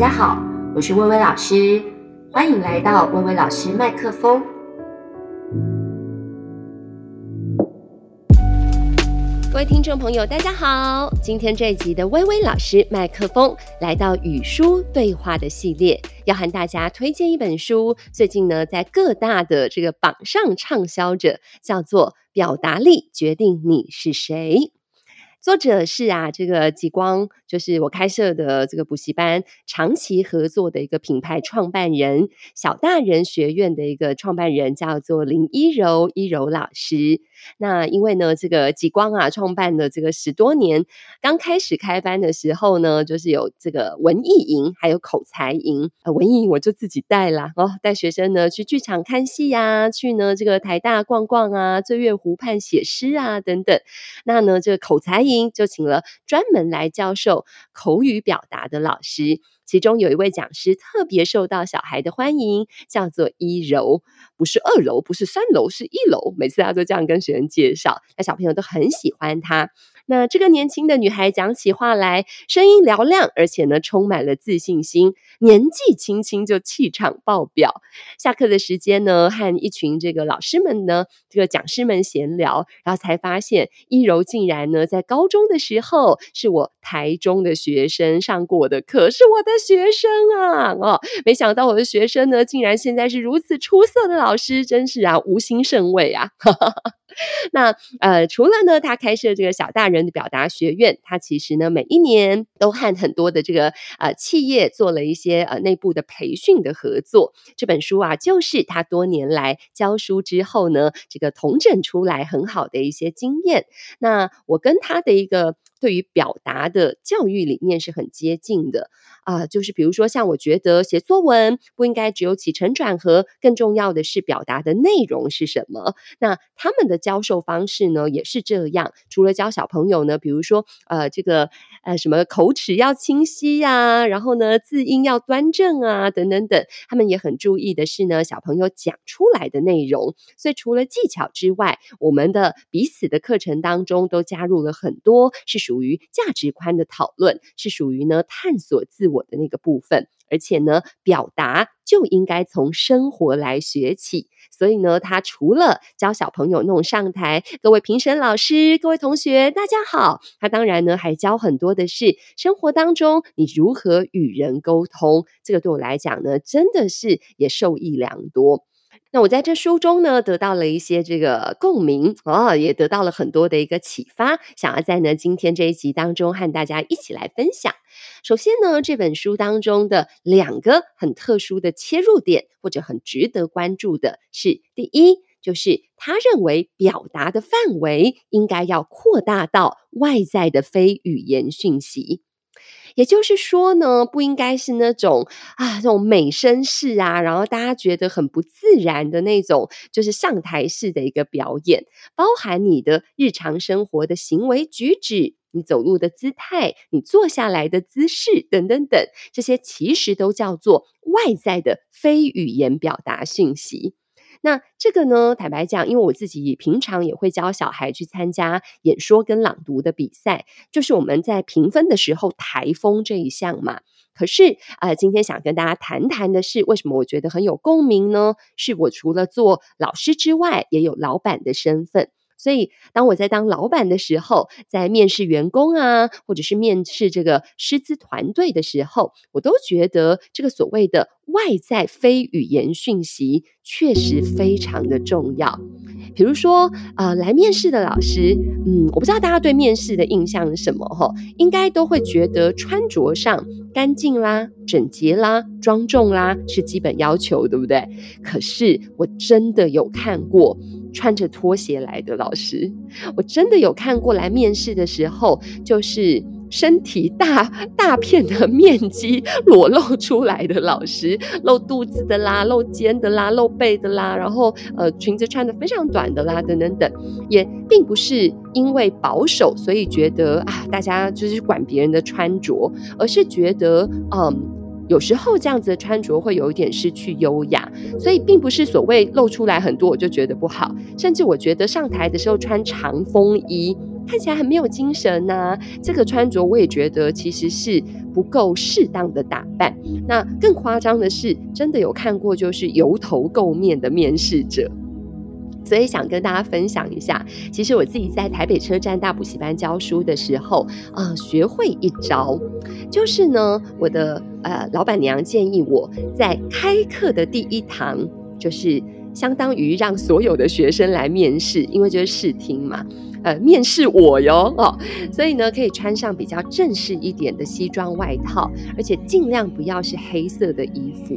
大家好，我是薇薇老師，歡迎來到薇薇老師麥克風。各位聽眾朋友，大家好，今天這一集的薇薇老師麥克風來到與書對話的系列，要和大家推薦一本書，最近呢，在各大的這個榜上暢銷着，叫做《表達力決定你是誰》。作者是啊，這個極光就是我開設的這個補習班，長期合作的一個品牌創辦人，小大人學院的一個創辦人，叫做林依柔，依柔老師。那因為呢，這個極光啊創辦了這個十多年，剛開始開班的時候呢，就是有這個文藝營，還有口才營。呃、文藝營我就自己帶啦，哦，帶學生呢去劇場看戲呀，啊，去呢這個台大逛逛啊，醉月湖畔寫詩啊等等。那呢，這個口才營就請了專門來教授口語表達的老師。其中有一位講師特別受到小孩的歡迎，叫做依柔，不是二樓，不是三樓，是一樓。每次他都這樣跟學生介紹，那小朋友都很喜歡他。那這個年輕的女孩講起話來聲音嘹亮，而且呢充滿了自信心，年紀輕輕就氣場爆表。下課的時間呢，和一群這個老師們呢，這個講師們閒聊，然後才發現依柔竟然呢在高中的時候是我台中的學生，上過我的課，是我的學生啊！哦，沒想到我的學生呢，竟然現在是如此出色的老師，真是啊，吾心甚慰啊！哈哈哈，哈。 那呃，除了呢，他開設這個小大人的表達學院，他其實呢每一年都和很多的這個呃企業做了一些呃內部的培訓的合作。這本書啊，就是他多年來教書之後呢，這個統整出來很好的一些經驗。那我跟他的一個。對於表達的教育理念是很接近的啊、呃，就是比如說像我覺得寫作文不應該只有起承轉合，更重要的是表達的內容是什麼。那他們的教授方式呢也是這樣，除了教小朋友呢，比如說呃這個呃什麼口齒要清晰呀、啊，然後呢字音要端正啊等等等，他們也很注意的是呢小朋友講出來的內容。所以除了技巧之外，我們的彼此的課程當中都加入了很多是說。屬於價值觀的討論，是屬於呢探索自我的那個部分，而且呢，表達就應該從生活來學起。所以呢，他除了教小朋友弄上台，各位評審老師、各位同學，大家好，他當然呢還教很多的是生活當中你如何與人溝通。這個對我來講呢，真的是也受益良多。那我在這書中呢，得到了一些這個共鳴哦，也得到了很多的一個啟發，想要在呢今天這一集當中和大家一起來分享。首先呢，這本書當中的兩個很特殊的切入點，或者很值得關注的是，第一就是他認為表達的範圍應該要擴大到外在的非語言訊息。也就是說呢，不應該是那種啊，這種美聲式啊，然後大家覺得很不自然的那種，就是上台式的一個表演，包含你的日常生活的行為舉止、你走路的姿態、你坐下來的姿勢等等等，這些其實都叫做外在的非語言表達信息。那這個呢，坦白講，因為我自己平常也會教小孩去參加演說跟朗讀的比賽，就是我們在評分的時候，台風這一項嘛。可是，呃，今天想跟大家談談的是，為什麼我覺得很有共鳴呢？是我除了做老師之外，也有老板的身份。所以，當我在當老板的時候，在面試員工啊，或者是面試這個師資團隊的時候，我都覺得這個所謂的外在非語言訊息確實非常的重要。比如說，呃，來面試的老師，嗯，我不知道大家對面試的印象是什麼哈，應該都會覺得穿着上乾淨啦、整潔啦、莊重啦，是基本要求，對不對？可是我真的有看過穿着拖鞋來的老師，我真的有看過來面試的時候就是。身體大，大片的面積裸露出來的老師，露肚子的啦，露肩的啦，露背的啦，然後呃，裙子穿得非常短的啦，等等等，也並不是因為保守，所以覺得啊，大家就是管別人的穿着，而是覺得嗯，有時候這樣子的穿着會有一點失去優雅，所以並不是所謂露出來很多我就覺得不好，甚至我覺得上台的時候穿長風衣。看起來很沒有精神吶、啊，這個穿着我也覺得其實是不夠適當的打扮。那更誇張的是，真的有看過就是油頭垢面的面試者。所以想跟大家分享一下，其實我自己在台北車站大補習班教書的時候，啊、呃，學會一招，就是呢，我的呃老闆娘建議我在開課的第一堂，就是相當於讓所有的學生來面試，因為就是試聽嘛。呃，面試我喲，哦，所以呢，可以穿上比較正式一點的西裝外套，而且尽量不要是黑色的衣服。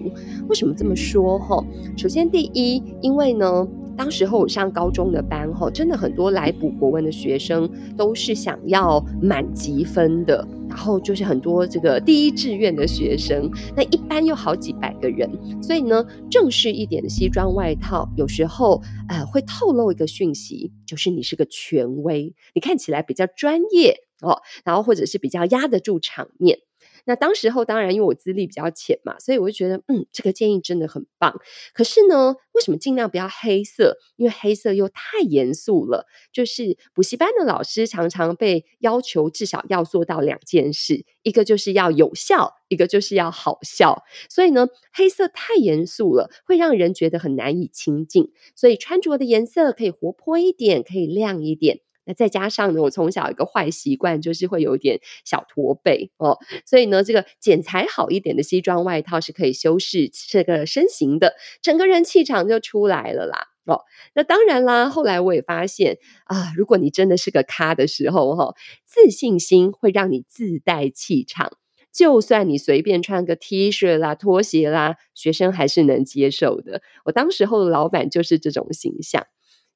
為什麼這麼說？哈、哦，首先第一，因為呢，當時候我上高中的班，哈、哦，真的很多來補國文的學生都是想要滿級分的。然後就是很多這個第一志願的學生，那一般有好幾百個人，所以呢，正式一點的西裝外套，有時候呃會透露一個訊息，就是你是個權威，你看起來比較專業哦，然後或者是比較壓得住場面。那當時候，當然因為我資歷比較淺嘛，所以我就覺得，嗯，這個建議真的很棒。可是呢，為什麼盡量不要黑色？因為黑色又太嚴肅了。就是補習班的老師常常被要求至少要做到兩件事：一個就是要有效，一個就是要好笑。所以呢，黑色太嚴肅了，會讓人覺得很難以親近。所以穿着的顏色可以活潑一點，可以亮一點。那再加上呢，我從小有一個壞習慣就是會有點小駝背哦，所以呢，這個剪裁好一點的西裝外套是可以修飾這個身形的，整個人氣場就出來了啦哦。那當然啦，後來我也發現啊，如果你真的是個咖的時候哈、哦，自信心會讓你自帶氣場，就算你隨便穿個 T 恤啦、拖鞋啦，學生還是能接受的。我當時候的老板就是這種形象。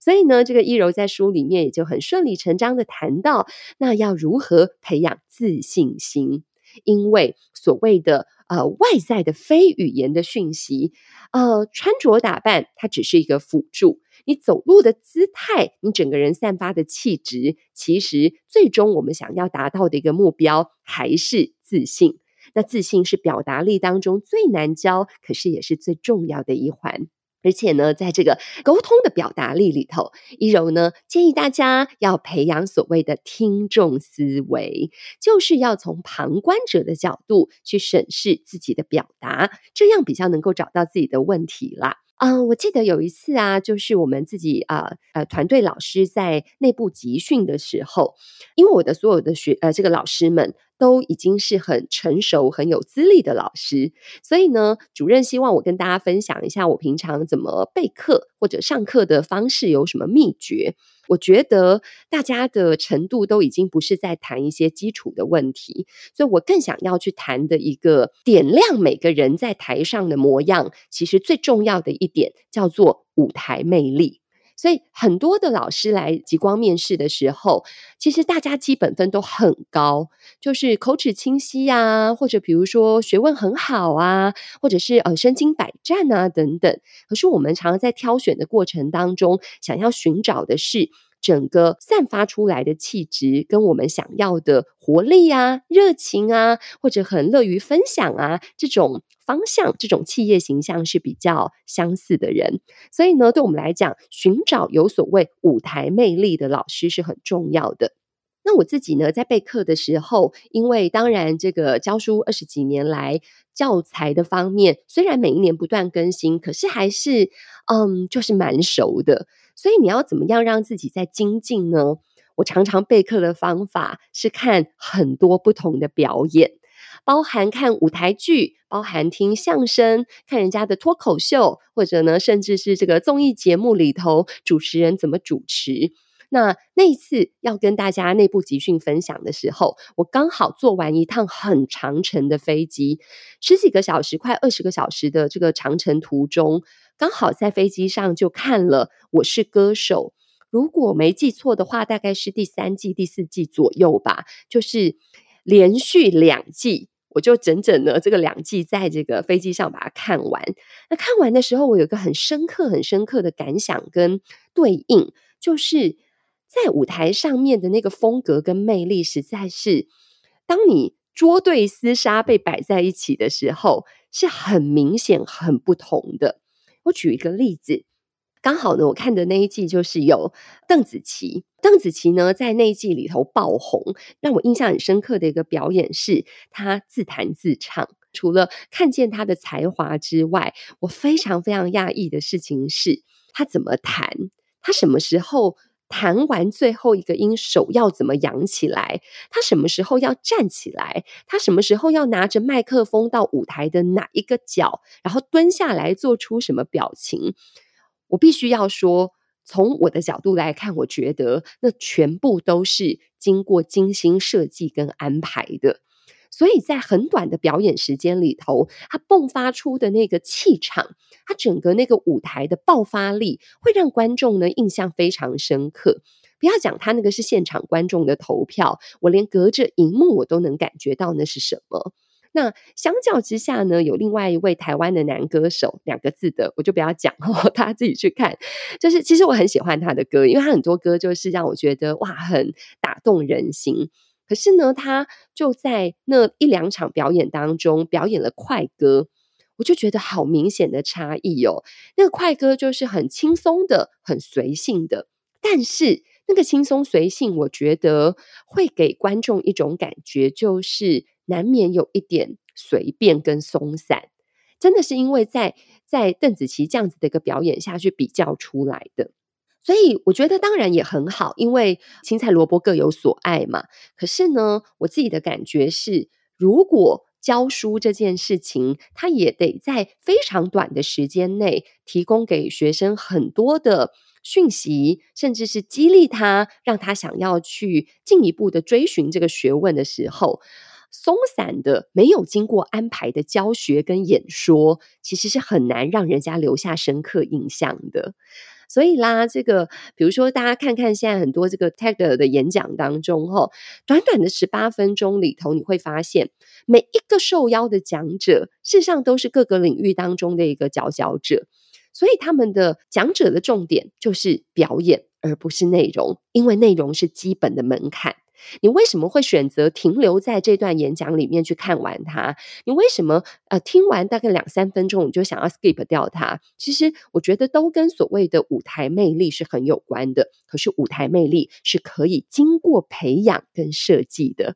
所以呢，這個依柔在書裡面也就很順理成章的談到，那要如何培養自信心？因為所謂的呃外在的非語言的訊息，呃穿着打扮它只是一個輔助，你走路的姿態，你整個人散發的氣質，其實最終我們想要達到的一個目標還是自信。那自信是表達力當中最難教，可是也是最重要的一環。而且呢，在這個溝通的表達力裡頭，依柔呢建議大家要培養所謂的聽眾思維，就是要從旁觀者的角度去審視自己的表達，這樣比較能夠找到自己的問題啦。嗯、呃，我記得有一次啊，就是我們自己呃呃團隊老師在內部集訓的時候，因為我的所有的學呃這個老師們。都已經是很成熟、很有資歷的老師，所以呢，主任希望我跟大家分享一下我平常怎麼備課或者上課的方式，有什麼祕訣。我覺得大家的程度都已經不是在談一些基礎的問題，所以我更想要去談的一個點亮每個人在台上的模樣，其實最重要的一點叫做舞台魅力。所以很多的老師來極光面試的時候，其實大家基本分都很高，就是口齒清晰啊，或者比如說學問很好啊，或者是呃身經百戰啊等等。可是我們常常在挑選的過程當中，想要尋找的是。整個散發出來的氣質，跟我們想要的活力啊、熱情啊，或者很樂於分享啊，這種方向、這種企業形象是比較相似的人。所以呢，對我們來講，尋找有所謂舞台魅力的老師是很重要的。那我自己呢，在備課的時候，因為當然這個教書二十幾年來，教材的方面，雖然每一年不斷更新，可是還是，嗯，就是蠻熟的。所以你要怎麼樣讓自己再精進呢？我常常備課的方法是看很多不同的表演，包含看舞台劇，包含聽相聲，看人家的脫口秀，或者呢，甚至是這個綜藝節目裡頭主持人怎麼主持。那那一次要跟大家內部集訓分享的時候，我剛好坐完一趟很長程的飛機，十幾個小時，快二十個小時的這個長程途中。剛好在飛機上就看了《我是歌手》，如果沒記錯的話，大概是第三季、第四季左右吧。就是連續兩季，我就整整的這個兩季，在這個飛機上把它看完。那看完的時候，我有個很深刻、很深刻的感想跟對應，就是在舞台上面的那個風格跟魅力，實在是當你捉對廝殺被擺在一起的時候，是很明顯、很不同的。我舉一個例子，剛好呢，我看的那一季就是有鄧紫棋。鄧紫棋呢，在那一季裡頭爆紅，讓我印象很深刻的一個表演是她自彈自唱。除了看見她的才華之外，我非常非常訝異的事情是她怎麼彈，她什麼時候？彈完最後一個音，手要怎麼揚起來？他什麼時候要站起來？他什麼時候要拿着麥克風到舞台的哪一個角？然後蹲下來做出什麼表情？我必須要說，從我的角度來看，我覺得那全部都是經過精心設計跟安排的。所以在很短的表演時間裡頭，他迸發出的那個氣場，他整個那個舞台的爆發力，會讓觀眾呢印象非常深刻。不要講他那個是現場觀眾的投票，我連隔着熒幕我都能感覺到那是什麼。那相較之下呢，有另外一位台灣的男歌手，兩個字的，我就不要講喔，大家自己去看。就是其實我很喜歡他的歌，因為他很多歌就是讓我覺得哇，很打動人心。可是呢，他就在那一兩場表演當中表演了快歌，我就覺得好明顯的差異哦。那個快歌就是很輕鬆的、很隨性的，但是那個輕鬆隨性，我覺得會給觀眾一種感覺，就是難免有一點隨便跟鬆散。真的是因為在在鄧紫棋這樣子的一個表演下去比較出來的。所以我覺得當然也很好，因為青菜蘿蔔各有所愛嘛。可是呢，我自己的感覺是，如果教書這件事情，他也得在非常短的時間內提供給學生很多的訊息，甚至是激勵他，讓他想要去進一步的追尋這個學問的時候，鬆散的、沒有經過安排的教學跟演說，其實是很難讓人家留下深刻印象的。所以啦，這個比如說，大家看看現在很多這個 TED 的演講當中，哈，短短的十八分鐘裡頭，你會發現每一個受邀的講者，事實上都是各個領域當中的一個佼佼者。所以他們的講者的重點就是表演，而不是內容，因為內容是基本的門檻。你為什麼會選擇停留在這段演講裡面去看完它？你為什麼呃聽完大概兩三分鐘你就想要 skip 掉它？其實我覺得都跟所謂的舞台魅力是很有關的。可是舞台魅力是可以經過培養跟設計的。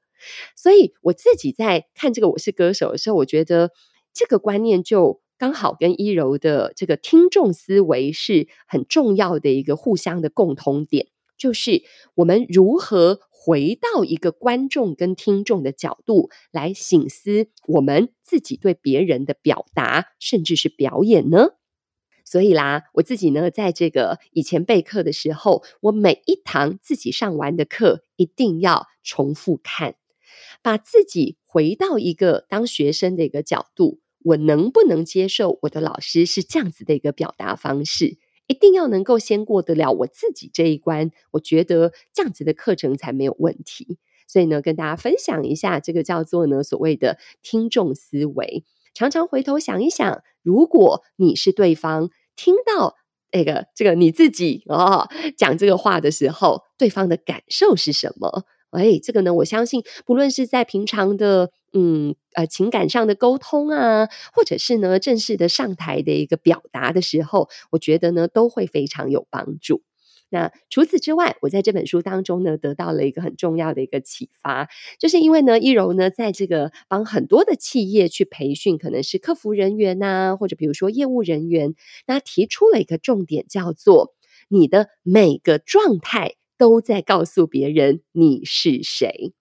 所以我自己在看這個《我是歌手》的時候，我覺得這個觀念就剛好跟依柔的這個聽眾思維是很重要的一個互相的共通點，就是我們如何。回到一個觀眾跟聽眾的角度來省思，我們自己對別人的表達，甚至是表演呢？所以啦，我自己呢，在這個以前備課的時候，我每一堂自己上完的課，一定要重複看，把自己回到一個當學生的一個角度，我能不能接受我的老師是這樣子的一個表達方式？一定要能夠先過得了我自己這一關，我覺得這樣子的課程才沒有問題。所以呢，跟大家分享一下，這個叫做呢，所謂的聽眾思維。常常回頭想一想，如果你是對方聽到那個這個你自己哦，講這個話的時候，對方的感受是什麼？哎，這個呢，我相信不論是在平常的嗯呃情感上的溝通啊，或者是呢正式的上台的一個表達的時候，我覺得呢都會非常有幫助。那除此之外，我在這本書當中呢得到了一個很重要的一個啟發，就是因為呢依柔呢在這個幫很多的企業去培訓，可能是客服人員吶、啊，或者比如說業務人員，那提出了一個重點，叫做你的每個狀態。都在告訴別人你是誰。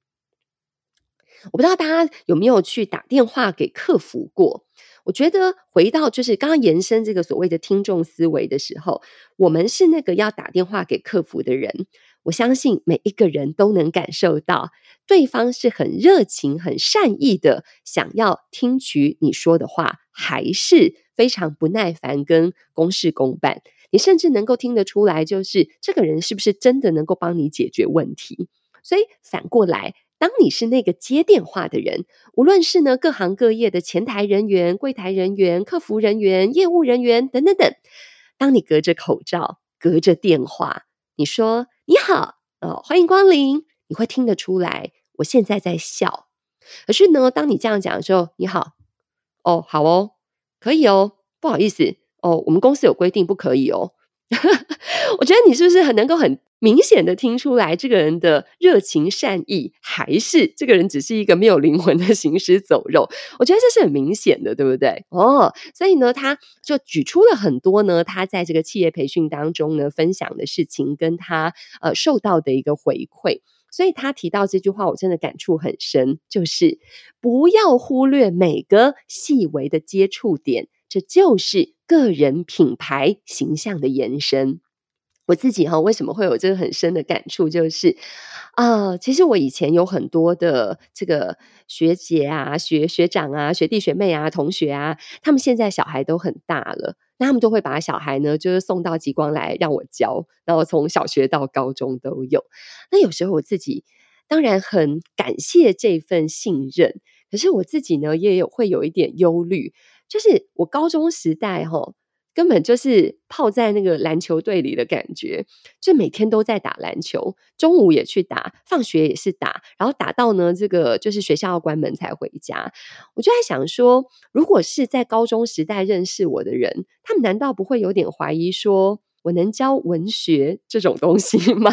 我不知道大家有沒有去打電話給客服過？我覺得回到就是剛剛延伸這個所謂的聽眾思維的時候，我們是那個要打電話給客服的人。我相信每一個人都能感受到對方是很熱情、很善意的，想要聽取你說的話，還是非常不耐煩、跟公事公辦。你甚至能夠聽得出來，就是這個人是不是真的能夠幫你解決問題。所以反過來，當你是那個接電話的人，無論是呢各行各業的前台人員、櫃台人員、客服人員、業務人員等等等，當你隔着口罩、隔着電話，你說“你好，哦，歡迎光臨”，你會聽得出來，我現在在笑。可是呢，當你這樣講的時候，“你好，哦，好哦，可以哦，不好意思。”哦，我們公司有規定不可以哦。 我覺得你是不是很能夠很明顯的聽出來，這個人的熱情善意，還是這個人只是一個沒有靈魂的行屍走肉？我覺得這是很明顯的，對不對？哦，所以呢，他就舉出了很多呢，他在這個企業培訓當中呢分享的事情，跟他呃受到的一個回饋。所以他提到這句話，我真的感觸很深，就是不要忽略每個細微的接觸點，這就是。個人品牌形象的延伸，我自己哈、哦，為什麼會有這個很深的感觸？就是啊、呃，其實我以前有很多的這個學姐啊、學學長啊、學弟學妹啊、同學啊，他們現在小孩都很大了，那他們都會把小孩呢，就是送到極光來讓我教，然後從小學到高中都有。那有時候我自己當然很感謝這份信任，可是我自己呢，也有會有一點憂慮。就是我高中時代，哦，吼，根本就是泡在那個籃球隊裡的感覺，就每天都在打籃球，中午也去打，放學也是打，然後打到呢，這個就是學校要關門才回家。我就在想說，如果是在高中時代認識我的人，他們難道不會有點懷疑，說我能教文學這種東西嗎？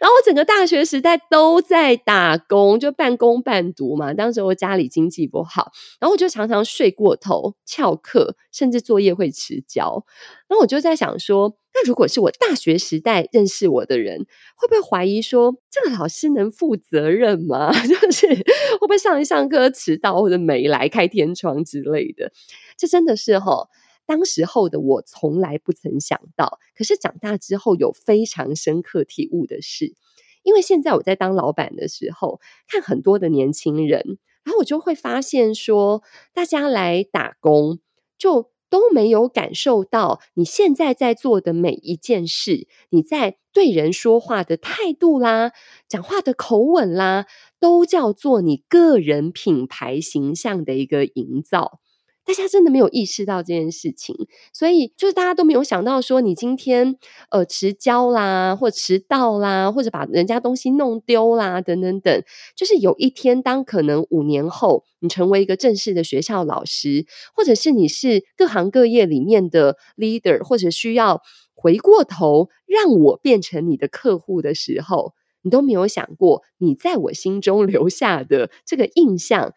然後我整個大學時代都在打工，就半工半讀嘛。當時我家裡經濟不好，然後我就常常睡過頭、翹課，甚至作業會遲交。然後我就在想說，那如果是我大學時代認識我的人，會不會懷疑說這個老師能負責任嗎？就是會不會上一上課遲到或者沒來開天窗之類的？這真的是哈、哦。當時候的我從來不曾想到，可是長大之後有非常深刻體悟的事，因為現在我在當老板的時候，看很多的年輕人，然後我就會發現說，大家來打工，就都沒有感受到你現在在做的每一件事，你在對人說話的態度啦、講話的口吻啦，都叫做你個人品牌形象的一個營造。大家真的沒有意識到這件事情，所以就是大家都沒有想到說，你今天呃遲交啦，或遲到啦，或者把人家東西弄丟啦，等等等。就是有一天，當可能五年後，你成為一個正式的學校老師，或者是你是各行各業裡面的 leader，或者需要回過頭讓我變成你的客戶的時候，你都沒有想過，你在我心中留下的這個印象。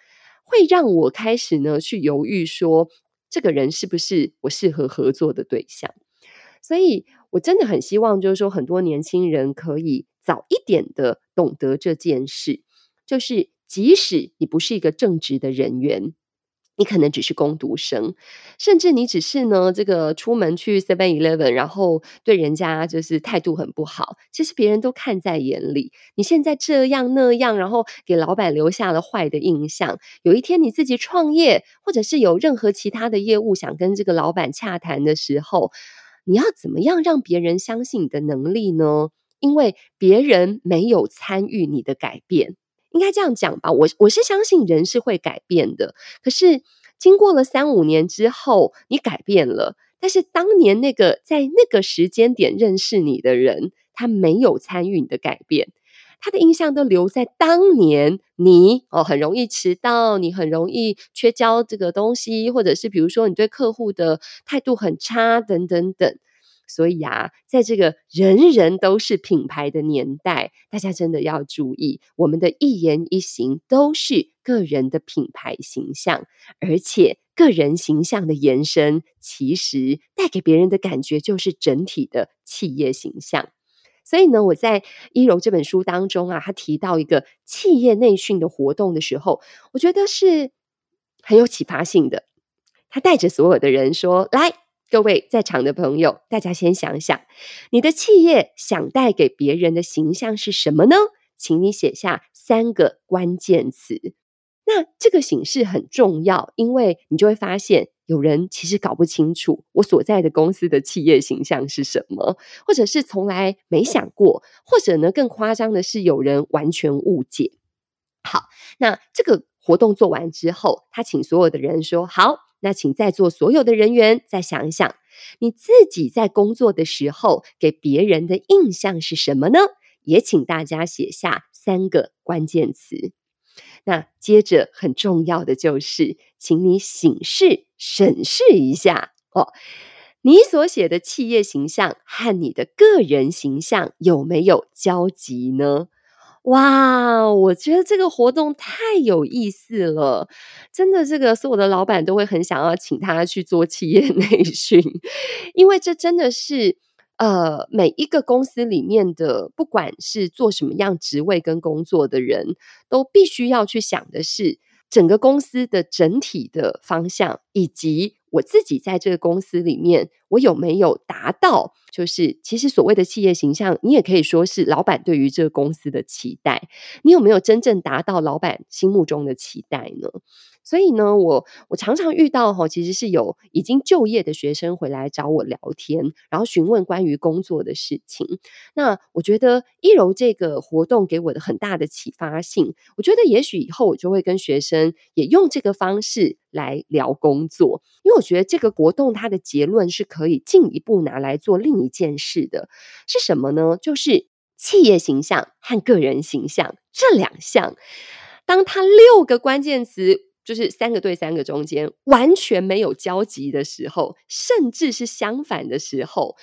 會讓我開始呢去猶豫說，說這個人是不是我適合合作的對象？所以我真的很希望，就是說很多年輕人可以早一點的懂得這件事，就是即使你不是一個正直的人員。你可能只是工讀生，甚至你只是呢，這個出門去 Seven Eleven，然後對人家就是態度很不好。其實別人都看在眼裡，你現在這樣那樣，然後給老闆留下了壞的印象。有一天你自己創業，或者是有任何其他的業務想跟這個老闆洽談的時候，你要怎麼樣讓別人相信你的能力呢？因為別人沒有參與你的改變。應該這樣講吧，我是我是相信人是會改變的。可是經過了三五年之後，你改變了，但是當年那個在那個時間點認識你的人，他沒有參與你的改變，他的印象都留在當年。你哦，很容易遲到，你很容易缺交這個東西，或者是比如說你對客戶的態度很差等等等。所以啊，在這個人人都是品牌的年代，大家真的要注意，我們的一言一行都是個人的品牌形象，而且個人形象的延伸，其實帶給別人的感覺就是整體的企業形象。所以呢，我在依柔這本書當中啊，他提到一個企業內訓的活動的時候，我覺得是很有啟發性的。他帶着所有的人說：“來。”各位在場的朋友，大家先想想，你的企業想帶給別人的形象是什麼呢？請你寫下三個關鍵詞。那這個形式很重要，因為你就會發現，有人其實搞不清楚我所在的公司的企業形象是什麼，或者是從來沒想過，或者呢更誇張的是，有人完全誤解。好，那這個活動做完之後，他請所有的人說好。那請在座所有的人員再想一想，你自己在工作的時候，給別人的印象是什麼呢？也請大家寫下三個關鍵詞。那接着很重要的就是，請你省視、審視一下哦，你所寫的企業形象和你的個人形象有沒有交集呢？哇，我覺得這個活動太有意思了！真的，這個所有的老闆都會很想要請他去做企業內訓，因為這真的是呃，每一個公司裡面的，不管是做什麼樣職位跟工作的人，都必須要去想的是整個公司的整體的方向，以及我自己在這個公司裡面。我有沒有達到？就是其實所謂的企業形象，你也可以說是老板對於這個公司的期待。你有沒有真正達到老板心目中的期待呢？所以呢，我我常常遇到哈，其實是有已經就業的學生回來找我聊天，然後詢問關於工作的事情。那我覺得依柔這個活動給我的很大的啟發性。我覺得也許以後我就會跟學生也用這個方式來聊工作，因為我覺得這個活動它的結論是可。可以進一步拿來做另一件事的是什麼呢？就是企業形象和個人形象這兩項。當他六個關鍵詞就是三個對三個中間完全沒有交集的時候，甚至是相反的時候，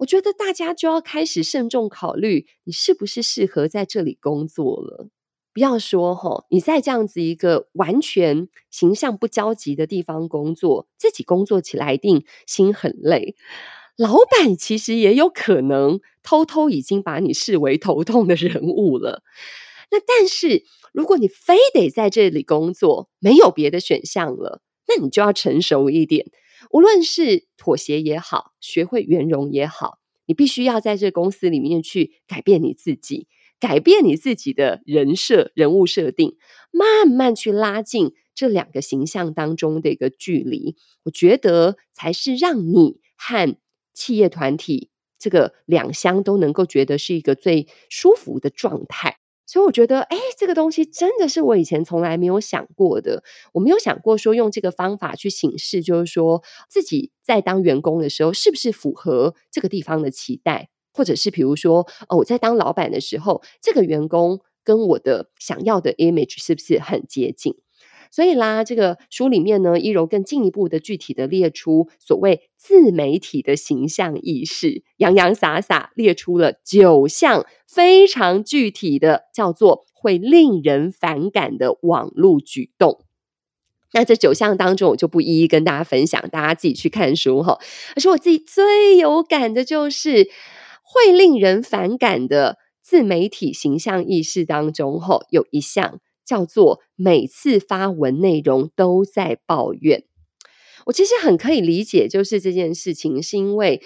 我覺得大家就要開始慎重考慮，你是不是適合在這裡工作了。不要說吼，你在這樣子一個完全形象不交集的地方工作，自己工作起來一定心很累。老闆其實也有可能偷偷已經把你視為頭痛的人物了。那但是如果你非得在這裡工作，沒有別的選項了，那你就要成熟一點，無論是妥協也好，學會圓融也好，你必須要在這公司裡面去改變你自己。改變你自己的人設、人物設定，慢慢去拉近這兩個形象當中的一個距離，我覺得才是讓你和企業團體這個兩相都能夠覺得是一個最舒服的狀態。所以我覺得，哎、欸，這個東西真的是我以前從來沒有想過的，我沒有想過說用這個方法去警示，就是說自己在當員工的時候是不是符合這個地方的期待，或者是比如說，哦，我在當老闆的時候，這個員工跟我的想要的 image 是不是很接近？所以啦，這個書裡面呢，依柔更進一步的、具體的列出所謂自媒體的形象意識，洋洋灑灑列出了九項非常具體的，叫做會令人反感的網絡舉動。那這九項當中，我就不一一跟大家分享，大家自己去看書哈。而是我自己最有感的就是。會令人反感的自媒體形象意識當中，吼有一項叫做每次發文內容都在抱怨。我其實很可以理解，就是這件事情，是因為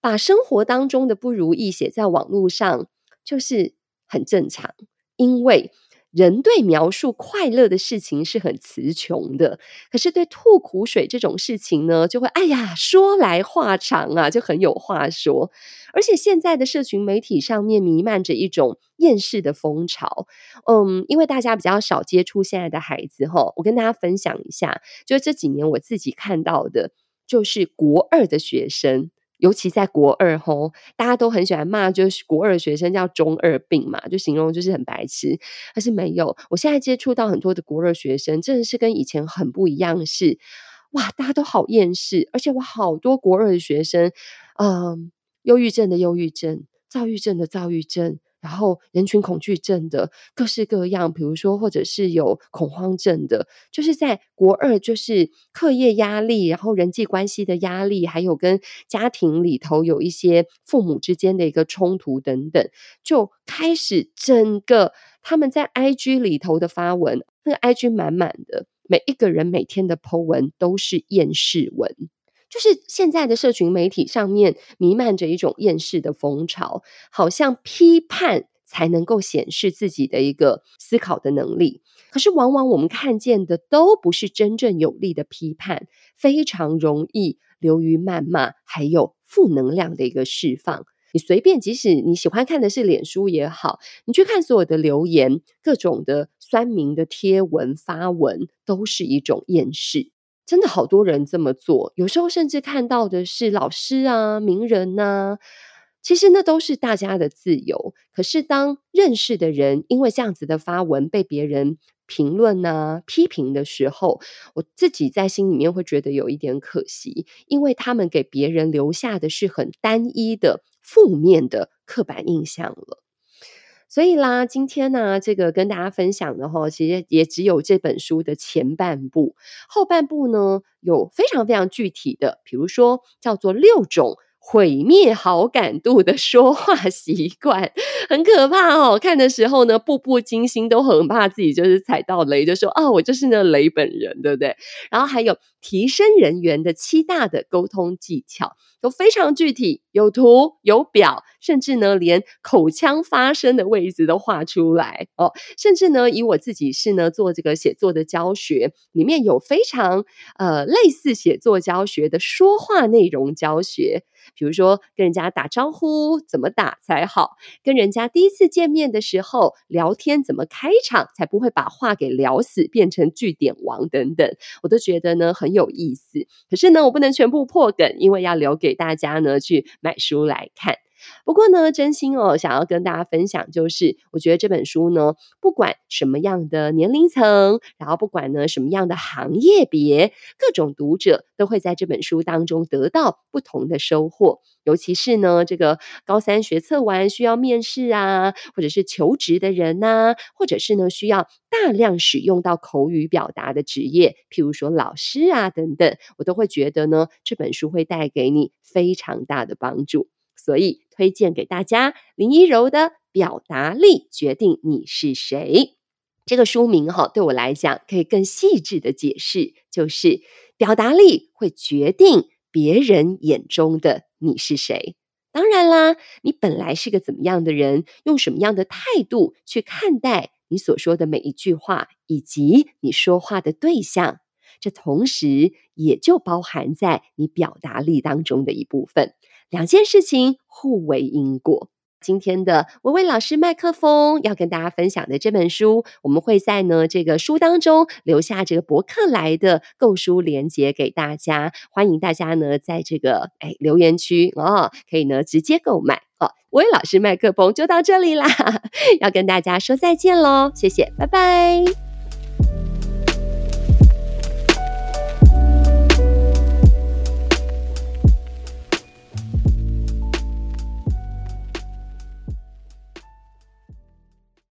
把生活當中的不如意寫在網絡上，就是很正常，因為。人對描述快樂的事情是很詞窮的，可是對吐苦水這種事情呢，就會哎呀，說來話長啊，就很有話說。而且現在的社群媒體上面瀰漫着一種厭世的風潮，嗯，因為大家比較少接觸現在的孩子哈。我跟大家分享一下，就這幾年我自己看到的，就是國二的學生。尤其在國二吼，大家都很喜歡罵，就是國二的學生叫“中二病”嘛，就形容就是很白痴。但是沒有，我現在接觸到很多的國二學生，真的是跟以前很不一樣，是哇，大家都好厭世，而且我好多國二的學生，嗯、呃，憂鬱症的憂鬱症，躁鬱症的躁鬱症。然後，人群恐懼症的各式各樣，比如說，或者是有恐慌症的，就是在國二，就是課業壓力，然後人際關係的壓力，還有跟家庭裡頭有一些父母之間的一個衝突等等，就開始整個他們在 IG 裡頭的發文，那個 IG 滿滿的，每一個人每天的 po 文都是厭世文。就是現在的社群媒體上面瀰漫着一種厭世的風潮，好像批判才能夠顯示自己的一個思考的能力。可是，往往我們看見的都不是真正有力的批判，非常容易流於謾罵，還有負能量的一個釋放。你隨便，即使你喜歡看的是臉書也好，你去看所有的留言，各種的酸民的貼文發文，都是一種厭世。真的好多人這麼做，有時候甚至看到的是老師啊、名人吶、啊。其實那都是大家的自由。可是當認識的人因為這樣子的發文被別人評論吶、啊、批評的時候，我自己在心裡面會覺得有一點可惜，因為他們給別人留下的是很單一的負面的刻板印象了。所以啦，今天呢、啊，這個跟大家分享的哈，其實也只有這本書的前半部，後半部呢有非常非常具體的，比如說叫做六種毀滅好感度的說話習慣，很可怕哦。看的時候呢，步步驚心，都很怕自己就是踩到雷，就說啊、哦，我就是那雷本人，對不對？然後還有提升人緣的七大的溝通技巧。都非常具體，有圖有表，甚至呢，連口腔發聲的位置都畫出來哦。甚至呢，以我自己是呢做這個寫作的教學，裡面有非常呃類似寫作教學的說話內容教學，比如說跟人家打招呼怎麼打才好，跟人家第一次見面的時候聊天怎麼開場，才不會把話給聊死，變成句點王等等，我都覺得呢很有意思。可是呢，我不能全部破梗，因為要留給。大家呢，去買書來看。不過呢，真心哦，想要跟大家分享，就是我覺得這本書呢，不管什麼樣的年齡層，然後不管呢什麼樣的行業別，各種讀者都會在這本書當中得到不同的收穫。尤其是呢，這個高三學測完需要面試啊，或者是求職的人吶、啊，或者是呢需要大量使用到口語表達的職業，譬如說老師啊等等，我都會覺得呢，這本書會帶給你非常大的幫助。所以。推薦給大家林依柔的《表達力決定你是誰》這個書名哈、哦，對我來講可以更細緻的解釋，就是表達力會決定別人眼中的你是誰。當然啦，你本來是個怎麼樣的人，用什麼樣的態度去看待你所說的每一句話，以及你說話的對象，這同時也就包含在你表達力當中的一部分。兩件事情互為因果。今天的薇薇老師麥克風要跟大家分享的這本書，我們會在呢這個書當中留下這個博客來的購書鏈接給大家，歡迎大家呢在這個誒、哎、留言區哦，可以呢直接購買哦。薇薇老師麥克風就到這裡啦，要跟大家說再見嘍，謝謝，拜拜。